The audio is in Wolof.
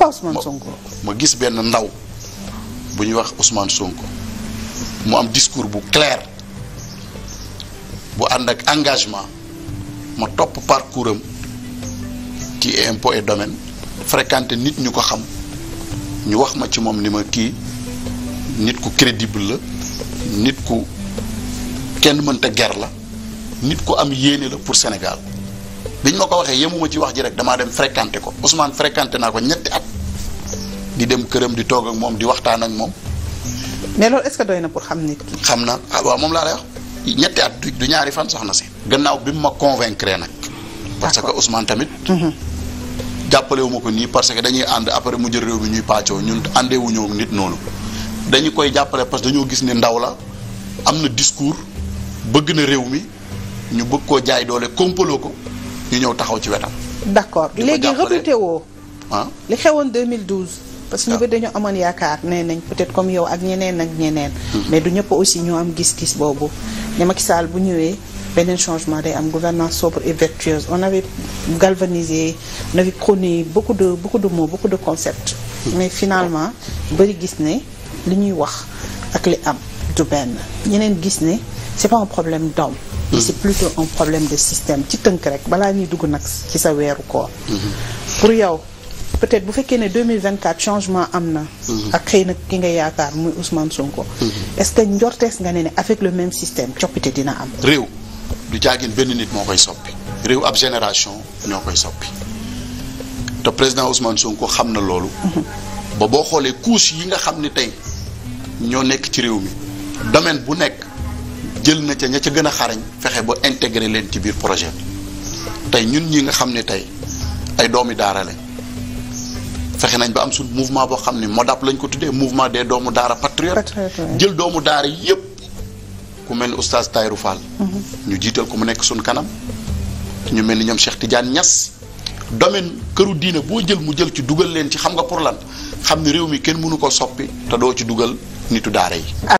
pourquoi Ousmane Sonko. ma gis benn ndaw bu ñuy wax Ousmane Sonko mu am discours bu clair bu ànd ak engagement ma topp parcours am ci impôt et domaine fréquenté nit ñu ko xam ñu wax ma ci moom ni ma kii nit ku crédible la nit ku kenn mënta ger la nit ku am yéene la pour Sénégal. biñ ma ko waxee yemuma ci wax ji rek damaa dem fréquenté ko Ousmane fréquenté naa ko ñetti at di dem këram di toog ak moom di waxtaan ak moom. mais loolu est doy na pour xam ni. xam na ah moom laa lay wax ñetti at du ñaari fan soxna si. gannaaw bi mu ma convaincre nag. parce que Ousmane tamit. Mhm. jàppale wu ma ko nii parce que dañuy ànd après mu jël réew mi ñuy pàccoo ñun àndee wu nit noonu dañu koy jàppale parce que dañoo gis ni ndaw la am na discours bëgg na réew mi ñu bëgg koo jaay doole kompaloo ko. ñu ñëw taxaw ci wetam. d' accord léegi rebuté woo. ah li xewoon 2012. parce que ñu ah. bëri dañoo amoon yaakaar nee nañ peut-être comme yow ak ñeneen ak ñeneen. Mm-hmm. mais du ñëpp aussi ñoo am gis-gis boobu. ne Macky Sall bu ñëwee beneen changement day am gouvernance sobre et vertueuse on avait galvanisé on avait prôné beaucoup de beaucoup de mots beaucoup de concepts. Mm-hmm. mais finalement bëri gis ne li ñuy wax ak li am du benn. ñeneen gis ne c'est pas un problème d'homme c'est un problème de système ci tënk rek balaa ñuy dugg nag ci sa weeru koor mm-hmm. pour yow peut-être bu fekkee ne 2024 changement am na mm-hmm. ak xëy na ki nga yaakaar muy Ousmane Sonko mm-hmm. est-ce que njortees nga ne ne avec le même système coppite dina am réew du jaagin benn nit moo koy soppi réew ab génération ñoo koy soppi te président Ousmane Sonko xam na loolu ba boo xoolee couche yi nga xam ni tey ñoo nekk ci réew mi domaine bu nekk jël na ca ña ca gën a xarañ fexe ba intégré leen ci biir projet bi tey ñun ñi nga xam ne tey ay doomi daara lañ fexe nañ ba am suñ mouvement boo xam ne modap lañ ko tuddee mouvement des doomu daara patriote jël doomu daara yépp ku mel ni oustaz Tayrou Fall mm-hmm. ñu jiital ko mu nekk suñ kanam ñu mel ni ñoom Cheikh Tidiane ñas domaine këru diine boo jël mu jël ci dugal leen ci xam nga pour lan xam ni réew mi kenn mënu ko soppi te doo ci dugal nitu daara yi